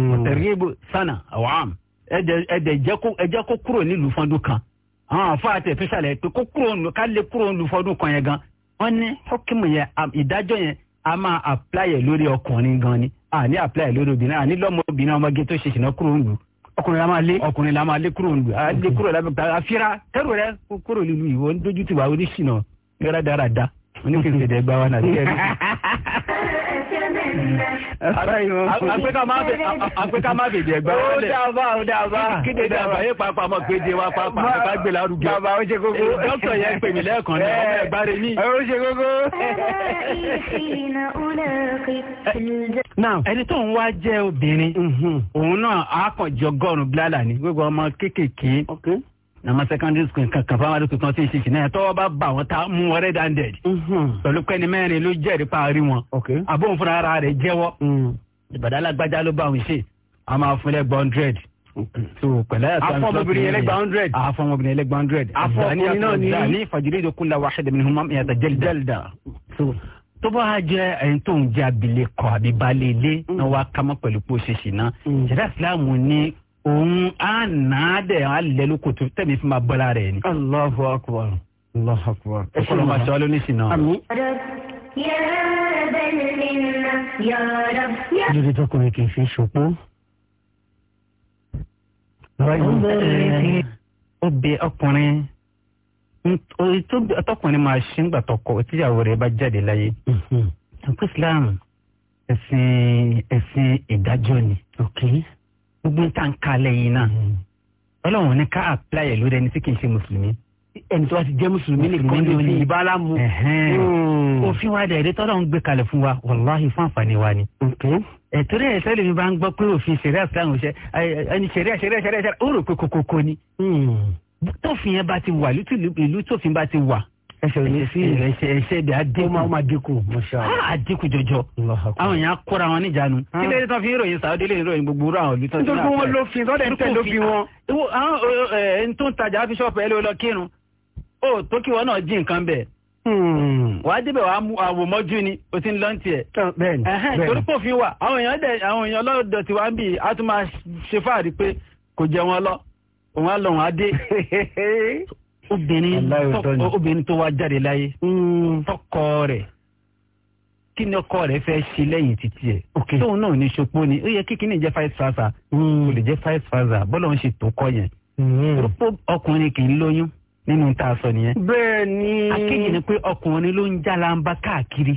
mọ̀tẹ́rìbù sànà àwàm ẹ̀dẹ̀ ẹ̀jẹ̀ kó kúrò nílùú fọdún kan. àwọn àfáàtẹ̀ tó ṣàlẹ̀ pé kó kúrò ká lè kúrò nílùú fọdún kan yẹn gan. wọ́n ní hókìmù yẹn ìdájọ́ yẹn a máa apply lórí ọkùnrin gan ni àní apply lórí obìnrin àní lọ́mọ obìnrin ọmọge tó ṣe ṣìnà kúrò nílùú ọkùnrin la máa lé ọkùnrin la máa lé kúrò nílùú a lé kúrò lábẹ́ a fira kẹrù rẹ kúrò nílùú yìí wọ́n dójú tì wá oníṣìnà yọ̀rá dára da oníkèké dẹ́gbà wa náà [LAUGHS]
àpéká má bèbè ẹgbà wọlé. ó dàbà ó dàbà. kíde dàbà yé pàápàá mọ̀ pé jẹ wá pàápàá nípa
gbé lárugẹ. bàbá ó ṣe kókó. Eh, dókítà yẹn pè mí lẹ́ẹ̀kan ní ọmọ ẹ̀gbá rẹ ní. ó ṣe kókó. náà ẹni tó ń wá jẹ́ obìnrin mm-hmm. òun náà á kàn jọ gọ́ọ̀rùn-ún bílálà gbogbo ọmọ kéékèèké nàmà secondary school kankan primary school kan sí ìṣìṣì náà tọ́wọ́ bá bà wọ́n ta mú wọ́n red handed. Mhm. pẹ̀lú pẹ́ni mẹ́rin ló jẹ́rìí parí wọn. àbóhùn fúnra ara rẹ̀ jẹ́wọ́. Mm. ìbàdàn alágbájá ló bá wọn ṣe a máa fún lẹ́gbọ̀n hundred. so pẹ̀lú ẹ̀ sọ́n afọmọbìnrin ẹlẹ́gbàá hundred. afọmọbìnrin ẹlẹ́gbàá hundred. afọkùnrin náà ni. ní fàjìlídò kúnlá wàhídà mi ni mo máa yàtọ̀ jẹ́lìdà. so tó bá jẹ ẹni tó ń jẹ abilékọ àbí balẹ̀ ilé mm. náà wá kámọ́ pẹ̀lú pé ṣe ṣìnà mm. ṣẹ̀dá ìsìláàmù òun á nà á dẹ̀ á lẹ̀ ló kòtò tẹ̀mí fún ma bọ́lá rẹ̀ ni. Allahu akbar Allahu akbar. ẹ ṣe ma ṣọ́ ló ní sinna. àmín. lórí tó kọrin kì í fi ṣòpó. ó bẹ ọkùnrin tọkùnrin máa ṣe ń gbà tọkọ tíyàwó rẹ̀ bá jáde láyé. Mhm. ẹ̀sìn ẹ̀sìn ìdájọ́ ni. Okay gbogbo tá n kalẹ̀ yìí náà mm-hmm. ọlọ́run ní ká apply ẹ̀ lórí ẹni tí kì í ṣe mùsùlùmí. ẹni tó bá ti jẹ́ mùsùlùmí nìkan ló ní ìbára mu. Mm. òfin wa dẹ̀ ẹ̀rẹ́ tọ́lọ́run gbé kalẹ̀ fún wa wàláhì fún àǹfààní wa ni. ẹ̀tọ́rẹ́ ẹ̀ sẹ́lẹ̀ mi bá ń gbọ́ pé òfin ṣẹ̀ríà Ìsìlámù ṣẹ ẹni ṣẹ̀ríà ṣẹ̀ríà ṣẹ̀ríà ṣẹ̀ríà ó rò pé kókókó ni. Mm. tófin yẹn bá ti wà ìlú tófin bá ti wà ẹsẹ̀ òní sí ẹsẹ̀ ẹsẹ̀ bi adéku ó máa dínkù adéku jọjọ àwọn yẹn akóra wọn níjànú ah. kí lóye tó fi ń ròyìn sàwọ́dí lè ròyìn gbogbo àwọn olùtọ́jú náà nítorí wọn ló fi sọ́dẹ̀ ń tẹ̀ ló fi wọn. n tó ń tajà bíṣọ̀pù ẹ ló lọ kírun ó tó kí wọn náà jí nǹkan bẹ̀.
Hmm.
wàá débẹ̀ wàá mú àwòmọ́jú ni o ti ń lọ́n tiẹ̀. torí kò fi wà àwọn èèyàn lọ́dọ̀ tí wàá ń bì á tún máa ṣe fáàrí pé kò jẹ wọn lọ òun á lọ òun á dé. [LAUGHS] obìnrin obìnrin tó wá jáde láyé hmm. tọkọ rẹ̀ kí ni ọkọ rẹ̀ fẹ́ ṣe lẹ́yìn títí ẹ tóun náà ní ṣopó ni ó yẹ kí kíni jẹ five thousand kò lè jẹ five thousand bọ́lá ń ṣe tó kọ yẹn rúpọ̀ hmm. ọkùnrin kì í lóyún nínú tá a sọ nìyẹn. bẹ́ẹ̀ ni. akéjì ni pé ọkùnrin ló ń jà láǹbá káàkiri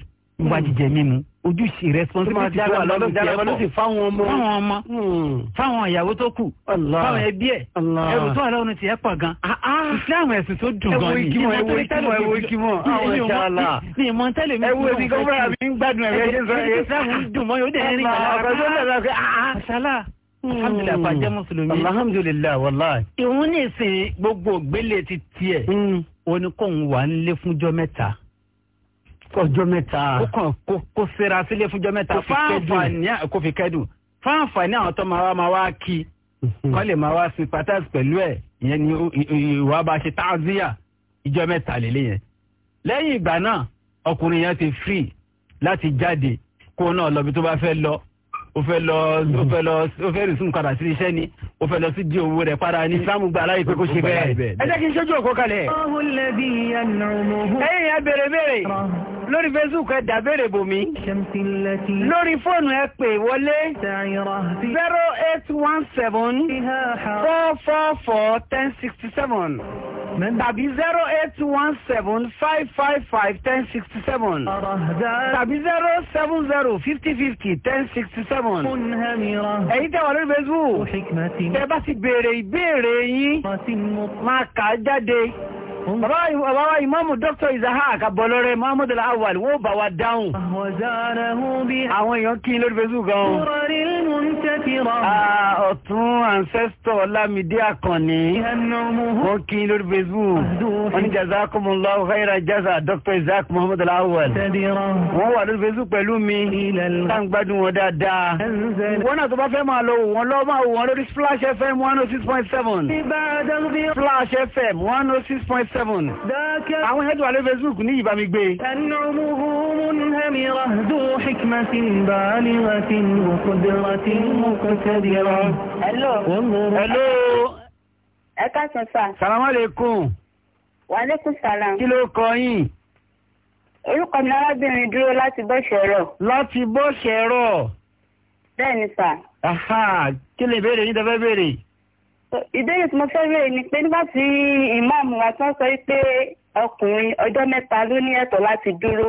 wá jíjẹ mímu ojúṣe responsibility tó wà lọ́dún tiẹ̀ pọ̀ fáwọn ọmọ hmm. fáwọn ìyàwó tó kù fáwọn ẹbí ẹ̀ ẹrù tó wà lọ́dún tiẹ̀ pọ̀ gan ah, ah. islam ẹ̀sìn tó dùn gan ni ah, ìmọ̀ ẹ̀wọ̀ ìkímọ̀ ẹ̀wọ̀ ìkímọ̀ àwọn ẹ̀ṣẹ̀ àlà ni ìmọ̀ tẹ́lẹ̀ mi ẹ̀wọ̀ èmi gbọ́dọ̀ àbí ń gbádùn ẹ̀rẹ́ ẹ̀ṣẹ̀ sọ ẹ̀ṣẹ̀ islam ń dùn mọ́ yóò dẹ̀ rìn kàlá alhamdulilayi afa jẹ mùsùlùmí alhamdulilayi walayi. ìhun ní ìsìn gbogbo gbélé ti tiẹ̀ oníkóhùn hmm. wà ń lé fúnjọ́ mẹ́ta ọjọ́ mẹ́ta. ó kàn kó kó sera sílé fúnjọ́ mẹ́ta fáǹfààní kò fi kẹ́dùn fáǹfààní àwọn tó máa wá máa wá kí mhm. kọ́ lè máa wá sympathize pẹ̀lú ẹ̀ ìyẹn ni ìwà bá ṣe táàzíyà ìjọ́ mẹ́ta lélẹ̀ yẹn. lẹ́yìn ìgbà náà ọkùnrin yẹn ti free láti jáde kó náà lọ bí tó bá fẹ́ lọ o fẹ́ lọ ó fẹ́ lọ ó fẹ́ rìsùn padà sí iṣẹ́ ni o fẹ́ lọ sí di owó rẹ̀ padà ní. ìsìlámù gba aláyè pé kó ṣe bẹ́ẹ̀. ẹ jẹ́ kí n ṣojú òkú kalẹ̀. ẹ̀yin yẹn béèrè béèrè lórí facebook ẹ dàbẹ̀rẹ̀ bòmí lórí fóònù ẹ pè wọlé zero eight one seven four four four ten sixty seven tàbí zero eight one seven five five five ten sixty seven tàbí zero seven zero fifty fifty ten sixty seven. èyí tẹ́ wà lórí facebook tẹ́ bá ti béèrè ìbéèrè yín máa kà á jáde. Hmm? bàbá ìmáàmù dr isahak abọlọrẹ muhammad alawal wọ́n bá wa dáhùn àwọn èèyàn kí lórí facebook gan ah, ọ̀tún ancestor ọlámídé àkànní wọ́n kí lórí facebook wọ́n ní jazakumullahu khaira jaza dr isahak muhammad alawal wọ́n wà lórí facebook pẹ̀lú mi tá ń gbádùn wọn dáadáa wọ́n náà tó bá fẹ́ máa lọ wọ́n lọ́ máa wọ́n lórí splash fm one oh six point seven splash fm one oh six point seven. àwọn ẹ̀dùn alẹ́ facebook ní ìbámi gbé.
hello.
ẹ káàsán sá. salamu aleykum.
wa aleykum salam. kí ló
kọ yín. orúkọ mi arábìnrin dúró láti bọ́ ṣẹ̀rọ̀. láti bọ́ ṣẹ̀rọ̀. bẹ́ẹ̀ ni sà. kí lè béèrè yín tẹ́fẹ́ béèrè ìbéèrè tí mo fẹ́ rèé ni pé nígbà tí ìmáàmù wa tán sọ pé ọkùnrin ọjọ́ mẹ́ta ló ní ẹ̀tọ́ láti dúró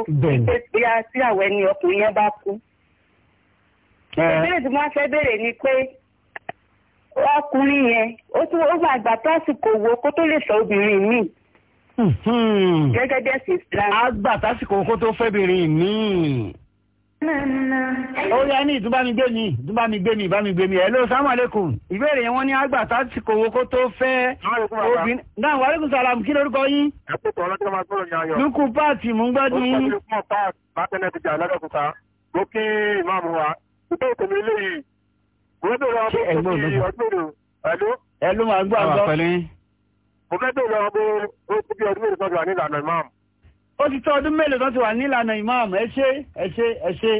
pé a tí àwọn ẹni ọkùnrin yẹn bá kú. ìbéèrè tí mo fẹ́ béèrè ni pé ọkùnrin yẹn ó tún ó gbà àgbà tásìkò wo kó tó lè sọ obìnrin míì. Hmm. gẹ́gẹ́ bí ẹ̀sìn Islam. àgbà tásìkò kó tó fẹ́ obìnrin míì
ó
yá ní ìtúbámigbé ni mi ni ìbámigbé mi hello assalamu alaikum ìbéèrè yẹn wọ́n ní àgbà sásìkò owó kó tó fẹ́ obìnrin náà wa alaikum salam kí lórúkọ yín. ẹ̀kútọ̀ ọlọ́jọ́ máa gbọ́dọ̀ yan ayọ̀.
lukú páàtì mú gbọ́dọ̀ yín. ó sọ fún ọ̀pá bàtẹ́nẹ̀ ti jà lọ́dọ̀kúta lókè ìmáàmù wa ìbéèrè tèmi eléyìí gbọ́dọ̀ lọ bó ti ọdún ẹ̀lú. ẹ̀lú máa
gbọ́ àgbọ̀. mo fẹ́ bèèrè ọmọ bó ti di ọdún mẹ́rin ó ti tó ọdún mélòó tó ti wà nílànà imam ẹ ṣé ẹ ṣé ẹ ṣé.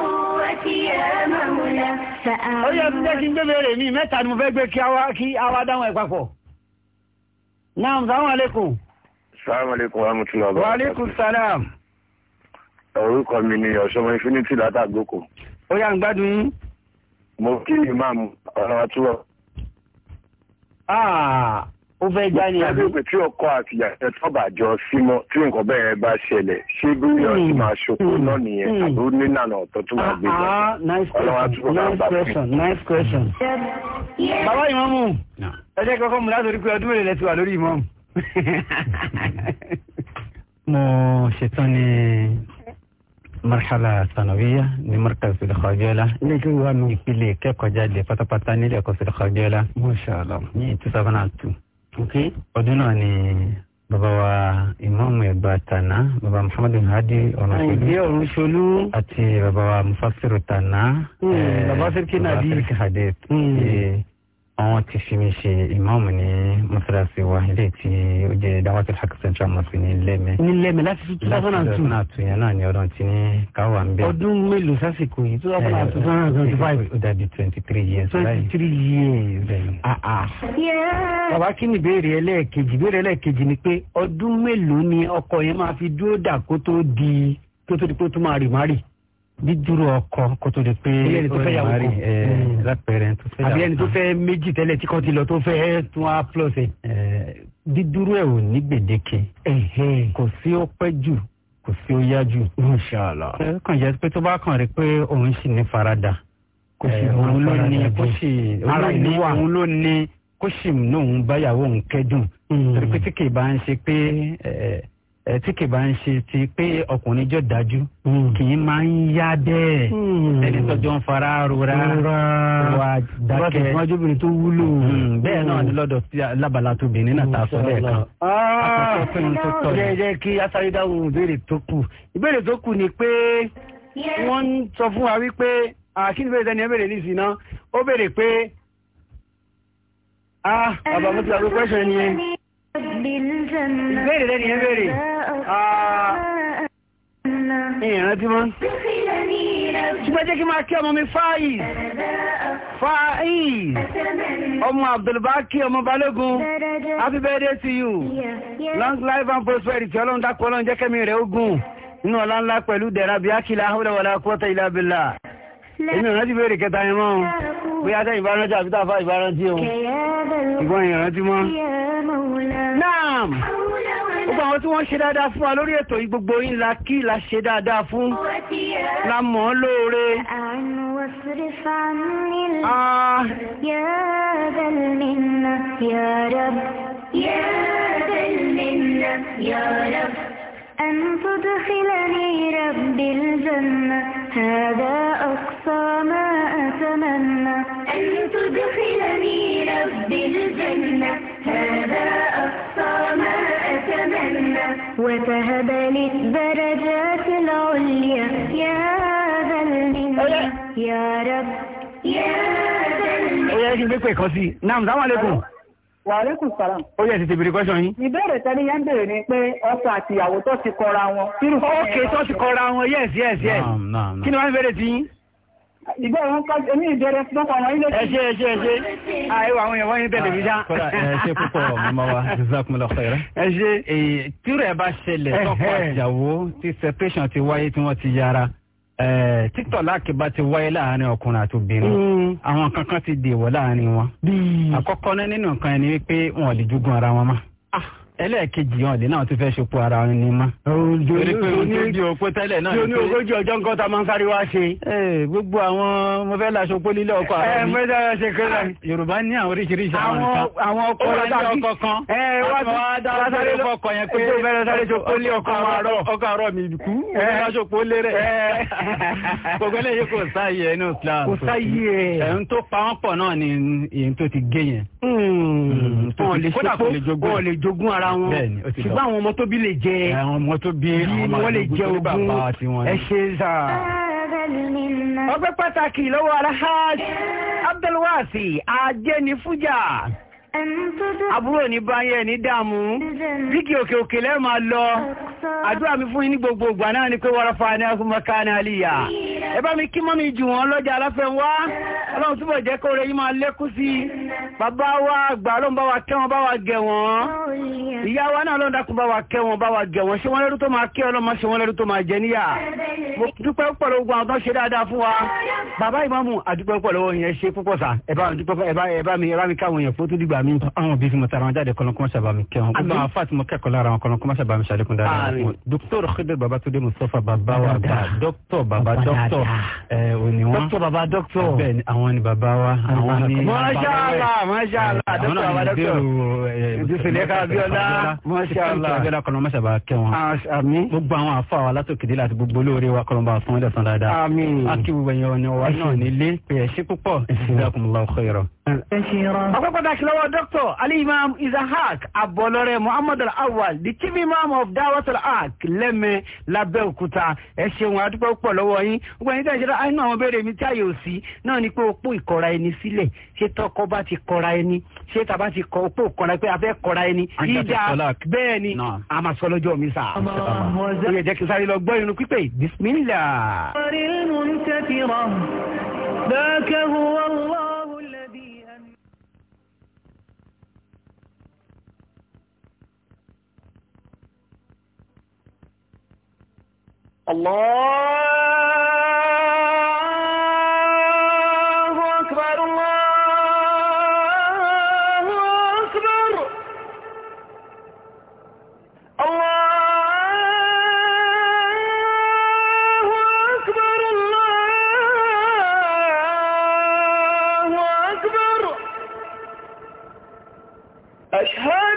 ó yẹ kí jẹ́ kí gbé béèrè mi mẹ́ta ni mo fẹ́ gbé kí àwa dáhùn ẹ̀ papọ̀. naam salaam aleykum. salaam aleykum wa rahmatulah. wa aleykum salaam. orúkọ mi ni ọ̀ṣọ́mọ infinity látàgbókò. ó yà ń gbádùn yín. mo kí imam ọ̀nà àtúwọ̀ ó fẹ́ já ni. ṣáájú pé tí ọkọ àti ìyàtọ̀ tó bàjọ́ símọ́ tí
nǹkan bẹ́ẹ̀ bá ṣẹlẹ̀ ṣé bí yóò ṣe máa ṣòfò náà hmm. nìyẹn hmm. àbí ó nílànà ọ̀tọ̀ tó máa gbé
yàtọ̀. ọlọ́wà tó kọ́ máa bá fún un. nice question. bàbá ìmọ̀mù ẹ jẹ́ kọ́kọ́ mu látòrí pé ọdún mélòó lẹ ti wà lórí ìmọ̀mù. [LAUGHS] mo ṣetán ní marhala sanawiya ní markaz filxajola ilé ìkẹ́kọ̀ọ́ mi ìpìlẹ̀ kẹ́kọ̀ọ́ jáde pátápátá nílẹ̀ ẹ̀kọ́ filxajola. masha allah ní ìtúsáfánà tù ọdún náà ni bàbá wa ìmáàmù ẹ̀gbá tànà bàbá muhammadu hadi
ọ̀nàṣolú
àti bàbá wa mufasiru hmm, eh, tànà bàbá sirikina bíi hmm. eh, àwọn ti fi mi ṣe ìmáàmù ní mọ́sálásí wa ilé tí ó jẹ́ dáwọ́tí hak central mosque ní lẹ́mẹ̀. ní lẹ́mẹ̀ láti two thousand and two. láti two thousand and two yẹn náà ni ọdún tí ní káwá ń bẹ. ọdún
mélòó sásìkò yìí two thousand and two thousand and twenty five. Eh, ó
dàbí twenty three years. twenty three years. Ah, ah. bàbá kí ni ìbéèrè ẹlẹ́ẹ̀kejì ìbéèrè ẹlẹ́ẹ̀kejì ni pé ọdún mélòó ni ọkọ yẹn máa fi dúró dà kó tó di kó tó di kó tó máa rì má rì dídúró ọkọ kó tó di pé ó fẹ́ yàwó hmm. tó fẹ́ yàwó àbí ẹni tó fẹ́ méjì tẹ́lẹ̀ tí kò ti lọ tó fẹ́ tún á plus ẹ̀. dídúró ẹ̀ ò ní gbèdéke kò sí ó pẹ́ jù kò sí ó yá jù. kàn jẹ́ pé tó bá kàn rí pé òun sì ní farada kò sì òun ló ní kó sì òun ló ní kó òun báyàwó òun kẹ́dùn hmm. torí pé tí kì í bá ń ṣe pé. Hmm ẹ tí kì bá ń ṣe ti pé ọkùnrin jọ dájú hmm. kì í máa ń yá bẹ́ẹ̀ hmm. ẹni tọjọ́ ń fara rora wa dákẹ́ wájú obìnrin tó wúlò hmm. bẹ́ẹ̀ náà ni lọ́dọ̀ sí alábàlá tó bìnrin náà ta sọ bẹ́ẹ̀ kan. Ah! jẹ́ jẹ́ kí asáré dáhùn ìbéèrè tó kù ìbéèrè tó kù ni pé wọ́n ń sọ fún wa wípé àkíní bẹ́ẹ̀ sẹ́ni ẹ bèrè nísìnyí náà ó bèrè pé ah bàbá mo ti àgbo question yẹn
ìbéèrè lẹ́ni ẹ bèrè.
Ah. ìrántí mọ́ ṣùgbọ́n jẹ́ kí máa kí ọmọ mi fáyì fáyì ọmọ Abdulbaki ọmọ Balógun happy birthday to you long life and prosperity ọlọ́run dákọ̀ ọlọ́run jẹ́ kẹ́mi rẹ̀ ogun nínú ọlá ńlá pẹ̀lú dẹ̀ra bí ákìlá àwọ̀lẹ̀wọ̀lẹ̀ kọ́tà ilẹ̀ abẹ́là inú ìrántí bèèrè kẹta yẹn mọ́ bóyá tẹ́ ìbárántí àbí tàfà ìbárántí o ìgbọ́n ìrántí mọ́ náà gbogbo àwọn tí wọ́n ṣe dáadáa fún wa lórí ètò yìí gbogbo yín la kí la ṣe dáadáa fún la mọ̀ ọ́ lóore.
Ah. Ya Rabb, Ya Rabb, Ya Rabb. أن تدخلني ربي الجنة هذا أقصى ما أتمنى أن تدخلني ربي الجنة هذا أقصى ما أتمنى وتهب لي الدرجات العليا يا ذا المنة
يا رب يا ذا المنة نعم، السلام عليكم wàhálẹ́kùn sàrán. ó yẹ tètè bèrè kọ́sọ̀ yín. ìbéèrè tẹ́lẹ̀ yẹn ń bèrè ni pé ọkọ àti ìyàwó tó ti kọra wọn. ókè tó ti kọra wọn yes yes yes. kí ni wọ́n ń bèrè tí yín. ìbéèrè wọn kọ́ èmi ìbéèrè fún ọkọ wọn ilé. ẹ ṣe ẹ ṣe ẹ ṣe àìwọ àwọn èèyàn bẹ̀rẹ̀ ah, mi já. ẹ ṣe púpọ̀ mọ́mọ́ wa jazakumullahu khairan. ẹ ṣe tírẹ̀ bá ṣẹlẹ̀ tọ́kọ àtìyàwó ti separation ti wáyé tí wọ́n ti yára. Eh, títọ̀ lákìbá ti wáyé láàrin ọkùnrin àti obìnrin mm. àwọn kankan ti dèwọ̀ láàrin wọn àkọ́kọ́ nínú nǹkan ẹni wípé wọn ò lè jogún ara wọn mọ́. Ah ẹlẹ́ẹ̀kejì hàn lè náà ti fẹ́ ṣepọ̀ ara wọn ni mọ́. torí pé ohun tó di òpó tẹ́lẹ̀ náà ni pé. ní ogójì ọjọ́ nǹkan tá a máa ń sáré wá ṣe. gbogbo àwọn mo fẹ́ laṣọ pólí ọkọ àwọn mi. ẹ mo fẹ́ ṣe kéwà. Ah, Yorùbá ní àwọn oríṣiríṣi àwọn nǹkan. àwọn ọkọ ọkọ kan. ẹ wá ti wá sáré lọ ọkọ yẹn pé. mo fẹ́ sáré ṣe pólí ọkọ àárọ̀. ọkọ àárọ̀ mi kú. mo fẹ́ laṣọ pólí rẹ̀. [LAUGHS] kò sáyé ẹ kò sáyé wọn ṣùgbọ́n àwọn ọmọ tó bí lè jẹ àwọn ọmọ tó bí wọ́n lè jẹ ogún ẹ ṣe sà. ọgbẹ́ pàtàkì lọ́wọ́ alhaj abdulwasi ajẹ́nifújà àbúrò ní báyẹn ní dààmú bíkì òkè òkè lẹ́ẹ̀ máa lọ àdúrà mi fún yín ní gbogbo ìgbà ni pé warafa ní akúmọ̀ká ní àlìyà ẹ bá mi kí mọ́ mi jù wọ́n lọ́jà aláfẹ́ wá ọlọ́run túbọ̀ jẹ́ kó rẹ yín máa lékún sí bàbá wa àgbà ló ń bá wa kẹ́ wọn bá wa gẹ̀ wọ́n ìyá wa náà ló ń bá wa kẹ́ wọn bá wa gẹ̀ wọ́n ṣé wọ́n lẹ́rú tó máa kí ọlọ́mọ ṣé wọ́n lẹ́rú tó máa jẹ níyà mo dúpẹ́ púpọ̀ lọ́wọ́ àwọn tó ń ṣe dáadáa fún wa bàbá ìmáàmù àdúpẹ́ púpọ̀ lọ́wọ́ yẹn ṣe púpọ̀ sà ẹ bá mi ẹ bá mi káwọn yẹn fótó dìgbà mi. àwọn òbí tí mo tara wọn jáde kọlọ́nkọ́ sábà mi kẹ́ gbogbo àwọn fáàtì kẹ́kọ̀ọ́ lára wọn kọlọ́nkọ́ sábà mi ṣàlékún dáadáa doctor, dókítà Khidr Babatunde Mustafa bàbá wa doctor, dókítà doctor, dókítà ẹ òní wọn doctor, bàbá doctor, bẹ́ẹ̀ ni àwọn ni bàbá wa àwọn ni. masha Allah masha Allah dókítà doctor, dókítà ìdísílẹ̀ kábíọ́lá masha Allah kábíọ́lá kọ́nà masha bá kẹ́ wọn. àmín gbogbo àwọn afọ àwọn alátòkèdè láti gbogbo olóore wa kọ́nà bá fún ẹ̀ lẹ́sàn dáadáa. àmín akíwèé yẹn ni wa náà nílé pé ẹ ṣe púpọ̀ jazakumullahu khairan ọpẹ́ doctor, lọ́wọ́ dr ali imam isahak abọlọrẹ muhammad al-awwal the chief imam of dawatul arc lẹ́mẹ̀ lábẹ́òkúta ẹ ṣeun adúpẹ́ pọ̀ lọ́wọ́ yín gbogbo ẹni tẹ̀síra inú àwọn béèrè mi tí àyè ò sí náà ni pé opó ìkọra ẹni sílẹ̀ ṣé tọkọ bá ti kọra ẹni ṣé tàbá ti kọ opó kọra pé a fẹ́ kọra ẹni ìjà bẹ́ẹ̀ ni a sọ lọ́jọ́ mi sà. ó yẹ jẹ́ kí sáré lọ gbọ́ irun pípé bismillah.
الله أكبر الله
أكبر الله
أكبر الله أكبر أشهد